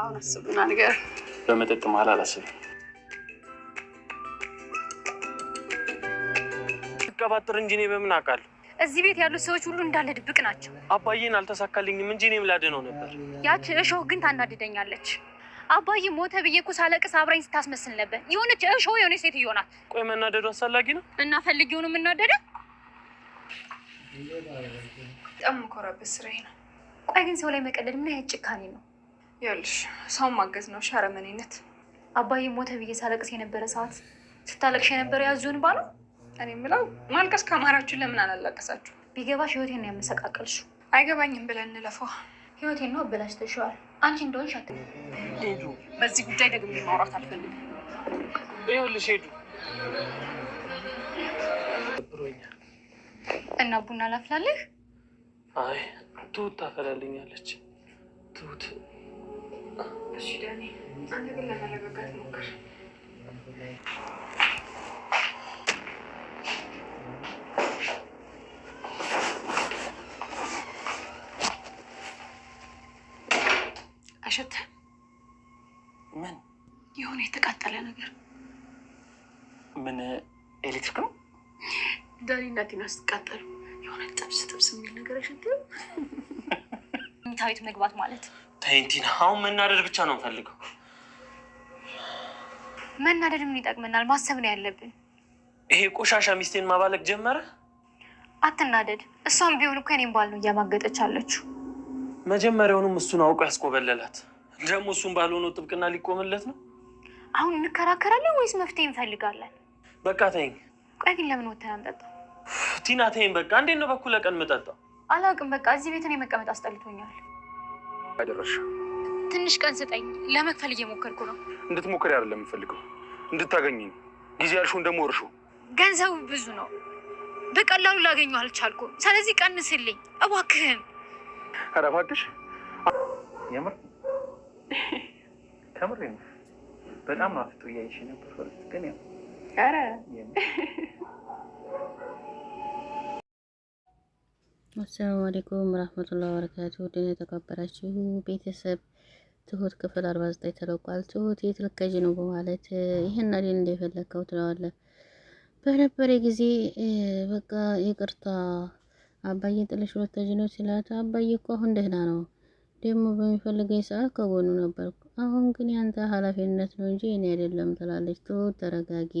አሁን አስብና ንገር። በመጠጥ መሀል አላስብም። ቀባጥር እንጂ እኔ በምን አውቃለሁ? እዚህ ቤት ያሉት ሰዎች ሁሉ እንዳለ ድብቅ ናቸው። አባዬን አልተሳካልኝም እንጂ እኔም ላድነው ነበር። ያች እሾህ ግን ታናድደኛለች። አባዬ ሞተ ብዬ እኮ ሳለቅስ አብራኝ ስታስመስል ነበር። የሆነች እሾህ የሆነ ሴትዮ ናት። ቆይ መናደዱ አስፈላጊ ነው? እና ፈልጊው ነው የምናደደው። በጣም የምኮራበት ስራዬ ነው። ቆይ ግን ሰው ላይ መቀለድ ምን አይነት ጭካኔ ነው? ይኸውልሽ ሰው ማገዝ ነው እሺ፣ አረመኔነት። አባዬ ሞተ ብዬ ሳለቅስ የነበረ ሰዓት ስታለቅሽ የነበረ ያዙን ባሉ። እኔ የምለው ማልቀስ ከማራችሁ ለምን አላለቀሳችሁ? ቢገባሽ ህይወቴን ነው የምሰቃቀልሽ። አይገባኝም ብለን እንለፈው። ህይወቴን ነው አበላሽተሽዋል። አንቺ እንደሆንሽ አት በዚህ ጉዳይ ደግሞ ማውራት አልፈልግም። ይኸውልሽ ሄዱ እና ቡና ላፍላለህ አይ ትሁት ታፈላልኛለች ትሁት እሺ ዳኒ፣ አንተ ግን ለመረጋጋት ሞክር። አሸተ ምን የሆነ የተቃጠለ ነገር ምን? ኤሌክትሪክ ነው ዳኒ። እናቴን አስቃጠሉ የሆነ ጥብስ ጥብስ የሚል ነገር አሸተ ሚታዊት መግባት ማለት ታይንቲን አሁን መናደድ ብቻ ነው ፈልገው። መናደድ ምን ይጠቅመናል? ማሰብ ነው ያለብን። ይሄ ቆሻሻ ሚስቴን ማባለቅ ጀመረ። አትናደድ። እሷም ቢሆን እኮ እኔም ባል ነው እያማገጠች አለችው። መጀመሪያውንም እሱን አውቆ ያስቆበለላት ደግሞ እሱን ባልሆነው ጥብቅና ሊቆምለት ነው። አሁን እንከራከራለን ወይስ መፍትሄ እንፈልጋለን? በቃ ተይኝ። ቆይ ግን ለምን ወተን አንጠጣ? ቲና ተይኝ በቃ። እንዴት ነው በኩለ ቀን የምጠጣው? አላውቅም። በቃ እዚህ ቤት እኔ መቀመጥ አስጠልቶኛል። አይደረሽ ትንሽ ቀን ስጠኝ። ለመክፈል እየሞከርኩ ነው። እንድትሞክሪ አይደለም የምፈልገው፣ እንድታገኝኝ። ጊዜ ያልሽውን ደግሞ እርሹ። ገንዘቡ ብዙ ነው፣ በቀላሉ ላገኘው አልቻልኩ። ስለዚህ ቀንስልኝ እባክህን። ኧረ እባክሽ የምር ከምር በጣም አፍጡ እያይሽ ነበር ግን ያው ኧረ አሰላሙ አለይኩም ረህመቱላሂ ወበረካቱህ። ውድ የተከበራችሁ ቤተሰብ ትሁት ክፍል 49 ተለቋል። ትሁት የት ልከጅ ነው በማለት ይህን አዲን እንደፈለግከው ትለዋለ። በነበረ ጊዜ በቃ ይቅርታ አባዬ ጥለሽ ወተጅ ነው ሲላት፣ አባዬ እኮ አሁን ደህና ነው፣ ደግሞ በሚፈልገኝ ሰዓት ከጎኑ ነበርኩ። አሁን ግን ያንተ ኃላፊነት ነው እንጂ እኔ አይደለም ትላለች ትሁት። ተረጋጊ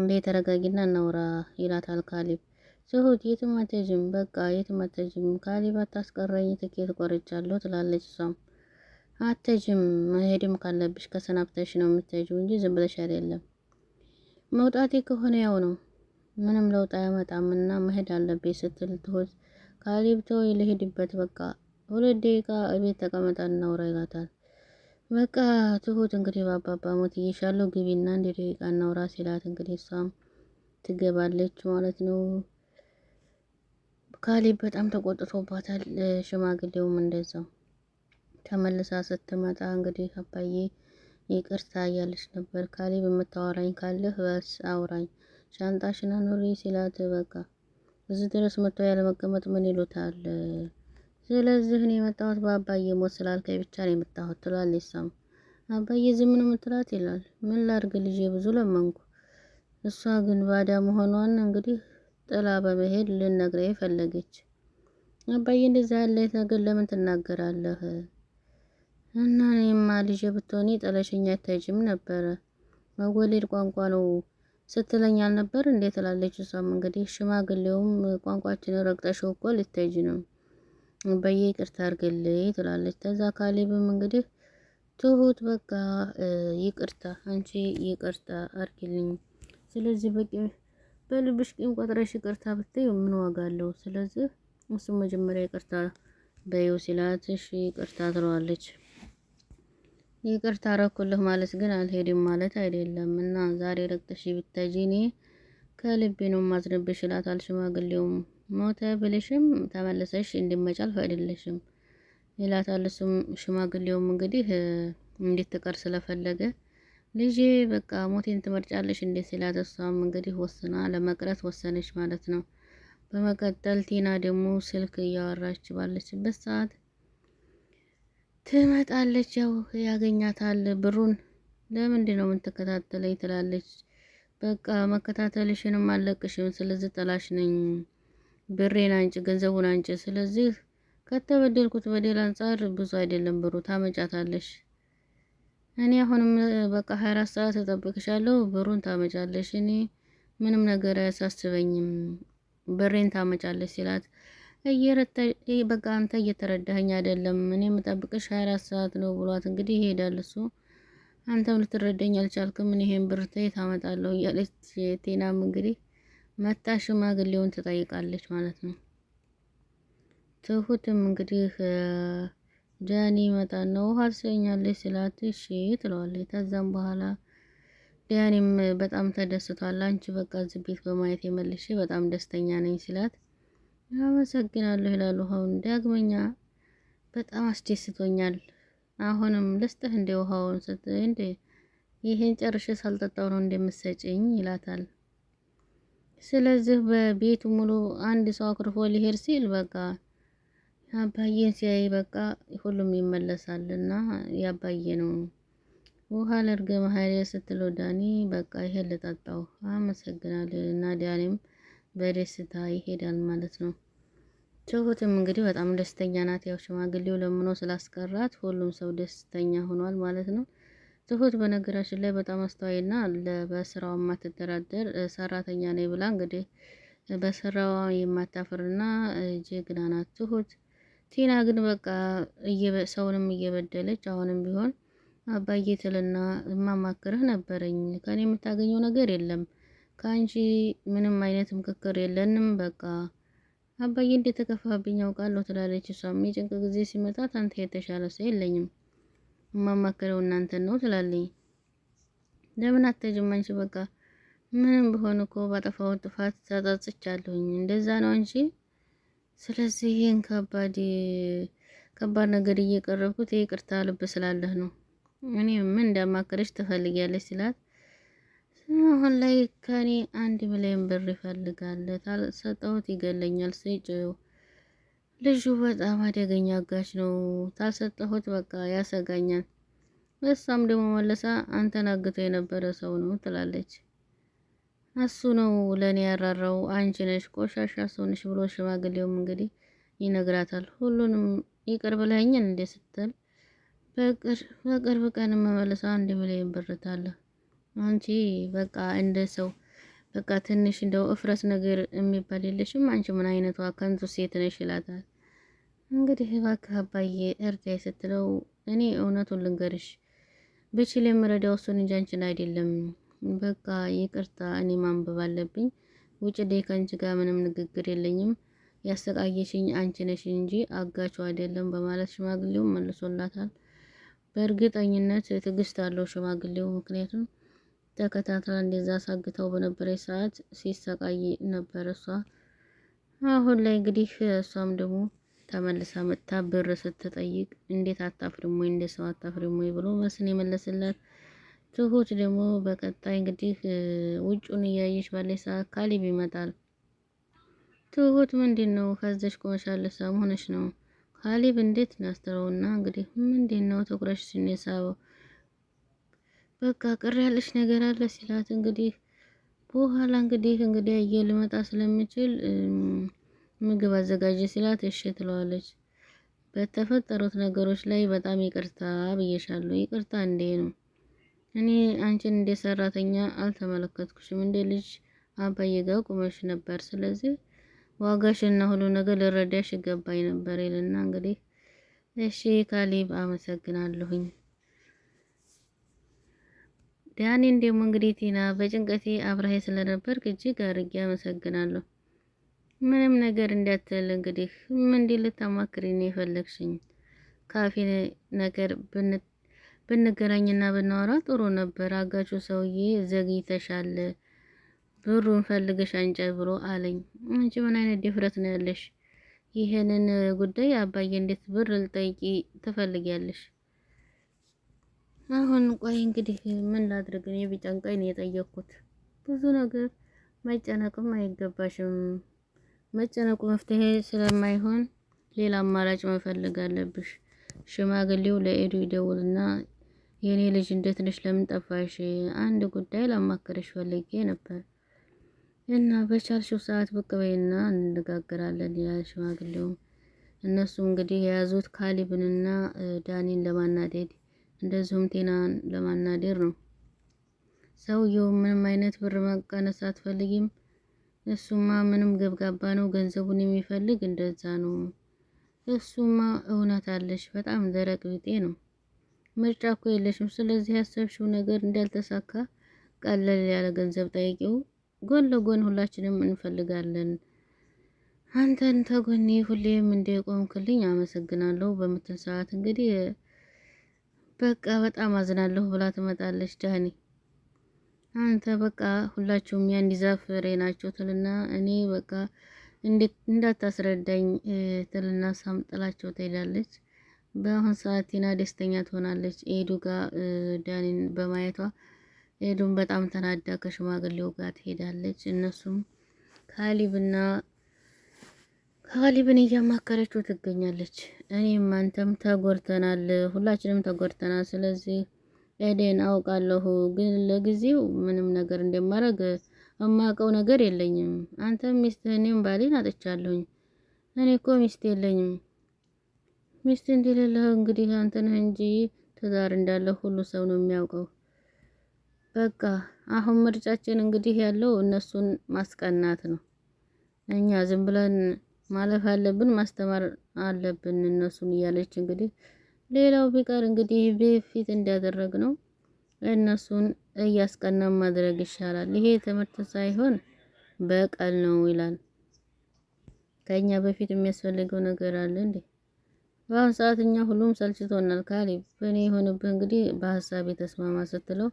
እንዴ፣ ተረጋጊና እናውራ ይላታል ካሊብ ትሁት የትም አትሄጂም፣ በቃ የትም አትሄጂም፣ ካሌብ አታስቀረኝ፣ ትኬት ቆርጫለሁ ትላለች። እሷም አትሄጂም፣ መሄድም ካለብሽ ከሰናብተሽ ነው የምትሄጂው እንጂ ዝም ብለሽ አይደለም። መውጣቴ ከሆነ ያው ነው፣ ምንም ለውጥ አያመጣም እና መሄድ አለብኝ ስትል ትሁት ካሌብ ተወኝ፣ ልሄድበት፣ በቃ ሁለት ደቂቃ እቤት ተቀመጣ እናውራ ይላታል። በቃ ትሁት እንግዲህ በአባባ ሞት እየሻለው ግቢና አንድ ደቂቃ እናውራ ሲላት እንግዲህ እሷም ትገባለች ማለት ነው። ካሌብ በጣም ተቆጥቶባታል። ሽማግሌውም እንደዛው ተመልሳ ስትመጣ እንግዲህ አባዬ ይቅርታ እያለች ነበር። ካሌብ የምታወራኝ ካለህ በስ አውራኝ፣ ሻንጣሽን አኑሪ ሲላት በቃ እዚህ ድረስ መጥቶ ያለመቀመጥ ምን ይሉታል? ስለዚህ እኔ የመጣሁት በአባዬ ሞት ስላልከኝ ብቻ ነው የመጣሁት ትላለች። እሷም አባዬ ዝም ነው የምትላት ይላል። ምን ላድርግ ልጄ ብዙ ለመንኩ። እሷ ግን ባዳ መሆኗን እንግዲህ ጥላ በመሄድ ልነግረኝ የፈለገች አባዬ እንደዚህ ያለ ነገር ለምን ትናገራለህ? እና እኔማ ልጄ ብትሆኒ ጥለሽኝ አትሄጂም ነበረ። መወለድ ቋንቋ ነው ስትለኝ አልነበር እንዴት ትላለች። እሷም እንግዲህ ሽማግሌውም ቋንቋችንን ረግጠሽው እኮ ልትሄጂ ነው አባዬ ይቅርታ አድርግልኝ ትላለች። ተዛ ካሌብም እንግዲህ ትሁት በቃ ይቅርታ አንቺ ይቅርታ አድርጊልኝ ስለዚህ በቂ በልብሽ ቂም ቆጥረሽ ይቅርታ ብትይ ምን ዋጋ አለው? ስለዚህ እሱ መጀመሪያ ይቅርታ በይው ሲላት እሺ ይቅርታ ትለዋለች። ይቅርታ አረኩልህ ማለት ግን አልሄድም ማለት አይደለም እና ዛሬ ረግጠሽ ብታጂ እኔ ከልቤ ነው ማዝነብሽ ይላታል። ሽማግሌውም ሞተ ብልሽም ተመለሰሽ እንዲመጫል ፈቅድልሽም ይላታል። እሱም ሽማግሌውም እንግዲህ እንድትቀር ስለፈለገ ልጄ በቃ ሞቴን ትመርጫለሽ እንዴ ሲላት እሷም እንግዲህ ወስና ለመቅረት ወሰነች ማለት ነው። በመቀጠል ቲና ደግሞ ስልክ እያወራች ባለችበት ሰዓት ትመጣለች። ያው ያገኛታል። ብሩን ለምንድን ነው የምትከታተለኝ ትላለች። በቃ መከታተልሽንም አለቅሽም፣ ስለዚህ ጠላሽ ነኝ። ብሬን አንጭ፣ ገንዘቡን አንጭ። ስለዚህ ከተበደልኩት በደል አንጻር ብዙ አይደለም ብሩ ታመጫታለሽ እኔ አሁንም በቃ 24 ሰዓት እጠብቅሻለሁ፣ ብሩን ታመጫለሽ፣ እኔ ምንም ነገር አያሳስበኝም፣ ብሬን ታመጫለሽ ሲላት በቃ አንተ እየተረዳኸኝ አይደለም፣ እኔ የምጠብቅሽ 24 ሰዓት ነው ብሏት እንግዲህ ይሄዳል እሱ። አንተም ልትረዳኝ አልቻልክም፣ እኔ ይሄን ብር ተይ ታመጣለሁ እያለች ቴናም እንግዲህ መታ ሽማግሌውን ትጠይቃለች ማለት ነው። ትሁትም እንግዲህ ጃኒ ይመጣና ውሃ ትሰኛለች ስላት እሺ ትለዋለች። ከዛም በኋላ ዲያኔም በጣም ተደስቷል። አንቺ በቃ እዚህ ቤት በማየት የመልሼ በጣም ደስተኛ ነኝ ስላት አመሰግናለሁ ይላሉ። ውሃውን ዳግመኛ በጣም አስደስቶኛል። አሁንም ልስጥህ እንደ ውሃውን ስት እንደ ይህን ጨርሽ ሳልጠጣው ነው እንደምትሰጭኝ ይላታል። ስለዚህ በቤቱ ሙሉ አንድ ሰው አኩርፎ ሊሄድ ሲል በቃ አባዬን ሲያይ በቃ ሁሉም ይመለሳልና እና ያባዬ ነው። ውሃ ለርገ ሀይሌ ስትለው ዳኒ በቃ ይሄ ልጠጣው አመሰግናለሁ እና ዳኒም በደስታ ይሄዳል ማለት ነው። ትሁትም እንግዲህ በጣም ደስተኛ ናት። ያው ሽማግሌው ለምኖ ስላስቀራት ሁሉም ሰው ደስተኛ ሆኗል ማለት ነው። ትሁት በነገራችን ላይ በጣም አስተዋይና በስራዋ የማትደራደር ሰራተኛ ነኝ ብላ እንግዲህ በስራዋ የማታፍርና ጀግና ናት ትሁት። ቲና ግን በቃ ሰውንም እየበደለች አሁንም ቢሆን አባዬ ትልና የማማክርህ ነበረኝ። ከኔ የምታገኘው ነገር የለም ከአንቺ ምንም አይነት ምክክር የለንም። በቃ አባዬ እንደተከፋብኝ አውቃለሁ ትላለች። እሷም የጭንቅ ጊዜ ሲመጣ አንተ የተሻለ ሰው የለኝም የማማክረው እናንተን ነው ትላለኝ። ለምን አትሄጂም አንቺ? በቃ ምንም በሆን እኮ ባጠፋሁት ጥፋት ተጸጽቻለሁኝ። እንደዛ ነው አንቺ ስለዚህ ይህን ከባድ ከባድ ነገር እየቀረብኩት ይቅርታ ልብ ስላለህ ነው። እኔ ምን እንዳማከረች ትፈልጊያለች ሲላት አሁን ላይ ከኔ አንድ ሚሊዮን ብር ይፈልጋል። ታልሰጠውት ይገለኛል። ስጭው። ልጁ በጣም አደገኛ አጋች ነው። ታልሰጠሁት በቃ ያሰጋኛል። እሷም ደግሞ መለሳ አንተን አግቶ የነበረ ሰው ነው ትላለች። እሱ ነው ለእኔ ያራራው አንቺ ነሽ ቆሻሻ ሰው ነሽ ብሎ ሽማግሌውም እንግዲህ ይነግራታል። ሁሉንም ይቅር ብለኸኛል እንዴ ስትል በቅርብ ቀን መመለሰው አንድ ሚሊዮን ብር ታለ። አንቺ በቃ እንደ ሰው በቃ ትንሽ እንደው እፍረት ነገር የሚባል የለሽም። አንቺ ምን አይነቷ ከንቱ ሴት ነሽ ይላታል። እንግዲህ እባክህ አባዬ እርዳይ ስትለው እኔ እውነቱን ልንገርሽ ብችል የምረዳው እሱን እንጂ አንቺን አይደለም በቃ ይቅርታ፣ እኔ ማንበብ አለብኝ። ውጭ ላይ ከአንቺ ጋር ምንም ንግግር የለኝም። ያሰቃየሽኝ አንቺ ነሽ እንጂ አጋቹ አይደለም በማለት ሽማግሌው መልሶላታል። በእርግጠኝነት ትዕግስት አለው ሽማግሌው፣ ምክንያቱም ተከታትላ እንደዛ አሳግተው በነበረች ሰዓት ሲሰቃይ ነበር እሷ። አሁን ላይ እንግዲህ እሷም ደግሞ ተመልሳ መጥታ ብር ስትጠይቅ እንዴት አታፍሪም ወይ እንደ ሰው አታፍሪም ወይ ብሎ መስን የመለስላት ትሁት ደግሞ በቀጣይ እንግዲህ ውጭን እያየች ባለች ሰዓት ካሊብ ይመጣል። ትሁት ምንድን ነው ከዘሽ ቆመሻለ ሳም ሆነሽ ነው ካሊብ እንዴት ናስተረውና እንግዲህ ምንድን ነው ትኩረሽ ሲነሳበው በቃ ቅር ያለሽ ነገር አለ ሲላት እንግዲህ በኋላ እንግዲህ እንግዲህ አየ ልመጣ ስለምችል ምግብ አዘጋጀ ሲላት እሺ ትለዋለች። በተፈጠሩት ነገሮች ላይ በጣም ይቅርታ ብዬሻለሁ። ይቅርታ እንዴ ነው እኔ አንቺን እንደ ሰራተኛ አልተመለከትኩሽም። እንደ ልጅ አባዬ ጋር ቁመሽ ነበር። ስለዚህ ዋጋሽ እና ሁሉ ነገር ልረዳሽ ይገባኝ ነበር ይልና እንግዲህ እሺ ካሊብ አመሰግናለሁኝ። ዳኒን ደግሞ እንግዲህ ቲና በጭንቀቴ አብረሃ ስለነበርክ እጅግ አድርጌ አመሰግናለሁ። ምንም ነገር እንዳትል እንግዲህ ምን እንዲል ልታማክሪኝ የፈለግሽኝ ካፊ ነገር ብን ብንገናኝና ብናወራ ጥሩ ነበር። አጋቹ ሰውዬ ዘግይተሻል፣ ብሩን ፈልገሽ አንጨ ብሎ አለኝ። አንቺ ምን አይነት ድፍረት ነው ያለሽ? ይሄንን ጉዳይ አባዬ እንዴት ብር ልጠይቂ ትፈልጊያለሽ? አሁን ቆይ እንግዲህ ምን ላድርግ? እኔ ቢጨንቀኝ ነው የጠየቅኩት። ብዙ ነገር መጨነቅም አይገባሽም። መጨነቁ መፍትሄ ስለማይሆን ሌላ አማራጭ መፈለግ አለብሽ። ሽማግሌው ለኤዱ ይደውልና የኔ ልጅ እንዴት ነሽ? ለምን ጠፋሽ? አንድ ጉዳይ ለማከረሽ ፈልጌ ነበር እና በቻልሽው ሰዓት ብቅ በይና እንነጋገራለን ይላል እነሱ እንግዲህ የያዙት ካሊብንና ዳኒን ለማናደድ እንደዚሁም ቴናን ለማናደር ነው። ሰውየው ምንም አይነት ብር መቀነስ አትፈልጊም? እሱማ ምንም ገብጋባ ነው፣ ገንዘቡን የሚፈልግ እንደዛ ነው። እሱማ እውነት አለሽ፣ በጣም ደረቅ ቢጤ ነው። ምርጫ እኮ የለሽም። ስለዚህ ያሰብሽው ነገር እንዳልተሳካ ቀለል ያለ ገንዘብ ጠይቂው። ጎን ለጎን ሁላችንም እንፈልጋለን። አንተን ተጎኔ ሁሌም እንደቆምክልኝ አመሰግናለሁ በምትል ሰዓት እንግዲህ በቃ በጣም አዝናለሁ ብላ ትመጣለች። ዳኒ አንተ በቃ ሁላችሁም የአንድ ዛፍ ፍሬ ናቸው ትልና እኔ በቃ እንዳታስረዳኝ ትልና ሳምጥላቸው ትሄዳለች። በአሁን ሰዓት ቲና ደስተኛ ትሆናለች ኤዱ ጋር ዳኒን በማየቷ። ኤዱም በጣም ተናዳ ከሽማግሌው ጋር ትሄዳለች። እነሱም ካሊብና ካሊብን እያማከረችው ትገኛለች። እኔም አንተም ተጎድተናል፣ ሁላችንም ተጎድተናል። ስለዚህ ኤዴን አውቃለሁ፣ ግን ለጊዜው ምንም ነገር እንደማደርግ እማውቀው ነገር የለኝም። አንተም እኔም ባሌን አጥቻለሁኝ። እኔ እኮ ሚስት የለኝም ሚስት እንደሌለህ እንግዲህ አንተ ነህ እንጂ ትዳር እንዳለ ሁሉ ሰው ነው የሚያውቀው። በቃ አሁን ምርጫችን እንግዲህ ያለው እነሱን ማስቀናት ነው። እኛ ዝም ብለን ማለፍ አለብን፣ ማስተማር አለብን እነሱን እያለች እንግዲህ ሌላው ቢቀር እንግዲህ በፊት እንዳደረግ ነው እነሱን እያስቀና ማድረግ ይሻላል። ይሄ ትምህርት ሳይሆን በቀል ነው ይላል። ከኛ በፊት የሚያስፈልገው ነገር አለ እንዴ? በአሁን ሰዓት እኛ ሁሉም ሰልችቶናል። ካሌብ በእኔ የሆነብህ እንግዲህ በሀሳብ የተስማማ ስትለው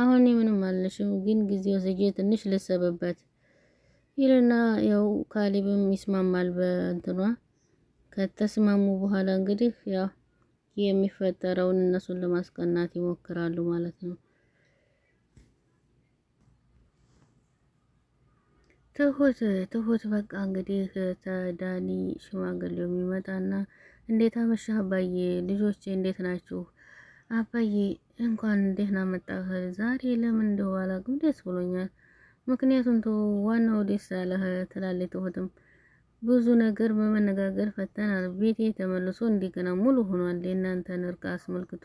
አሁን ምንም አልልሽም፣ ግን ጊዜ ወስጄ ትንሽ ልሰብበት ይልና ያው ካሌብም ይስማማል። በእንትኗ ከተስማሙ በኋላ እንግዲህ ያው የሚፈጠረውን እነሱን ለማስቀናት ይሞክራሉ ማለት ነው። ትሁት ትሁት በቃ እንግዲህ ተዳኒ ሽማግሌው የሚመጣና እንዴት አመሻህ አባዬ፣ ልጆቼ እንዴት ናችሁ? አባዬ እንኳን ደህና መጣህ። ዛሬ ለምን እንደው አላውቅም ደስ ብሎኛል። ምክንያቱም ቶ ዋናው ደስ አለህ ትላለች ትሁትም ብዙ ነገር በመነጋገር ፈተናል። ቤቴ ተመልሶ እንደገና ሙሉ ሆኗል። የእናንተን እርቅ አስመልክቶ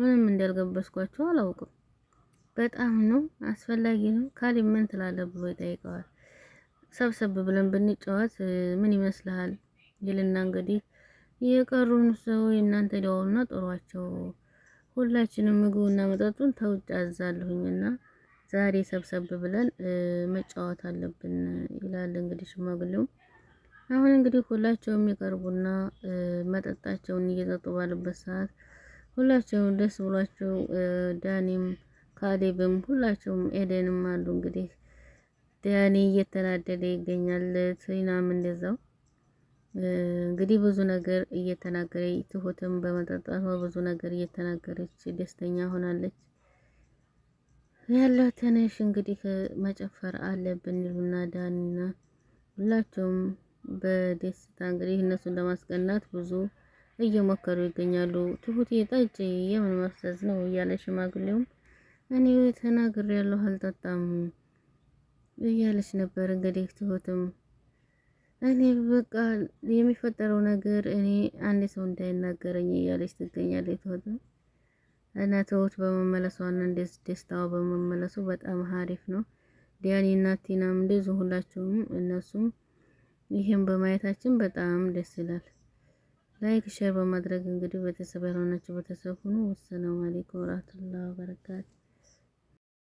ምንም እንዳልገበስኳቸው አላውቅም። በጣም ነው አስፈላጊ ነው ካሊ ምን ትላለህ ብሎ ይጠይቀዋል። ሰብሰብ ብለን ብንጫወት ምን ይመስልሃል? ይልና እንግዲህ የቀሩን ሰው እናንተ ደውሉና ጥሯቸው። ሁላችንም ምግቡና መጠጡን ተውጭ አዛለሁኝና ዛሬ ሰብሰብ ብለን መጫወት አለብን ይላል እንግዲህ ሽማግሌው። አሁን እንግዲህ ሁላቸውም የቀርቡና መጠጣቸውን እየጠጡ ባሉበት ሰዓት ሁላቸውም ደስ ብሏቸው ዳኒም፣ ካሌብም ሁላቸውም ኤደንም አሉ እንግዲህ ዳኒ እየተናደደ ይገኛል። ትናም እንደዛው እንግዲህ ብዙ ነገር እየተናገረ ትሁትም በመጠጣቷ ብዙ ነገር እየተናገረች ደስተኛ ሆናለች። ያለው ትንሽ እንግዲህ መጨፈር አለብን ይሉና ዳንና ሁላቸውም በደስታ እንግዲህ እነሱን ለማስቀናት ብዙ እየሞከሩ ይገኛሉ። ትሁት ጠጅ የምን መፍሰስ ነው እያለ ሽማግሌውም እኔ ተናግሬ ያለሁ አልጠጣም እያለች ነበር እንግዲህ ትሁትም እኔ በቃ የሚፈጠረው ነገር እኔ አንድ ሰው እንዳይናገረኝ እያለች ትገኛለች። ተወት እና ተወት በመመለሷ እና እንደዚህ ደስታዋ በመመለሱ በጣም ሀሪፍ ነው። ዲያኒ እና ቲናም እንደዚሁ ሁላችሁም እነሱም ይህም በማየታችን በጣም ደስ ይላል። ላይክ ሼር በማድረግ እንግዲህ ቤተሰብ ያልሆናችሁ ቤተሰብ ሁኑ። ወሰላሙ አለይኩም ወራህመቱላሂ ወበረካቱ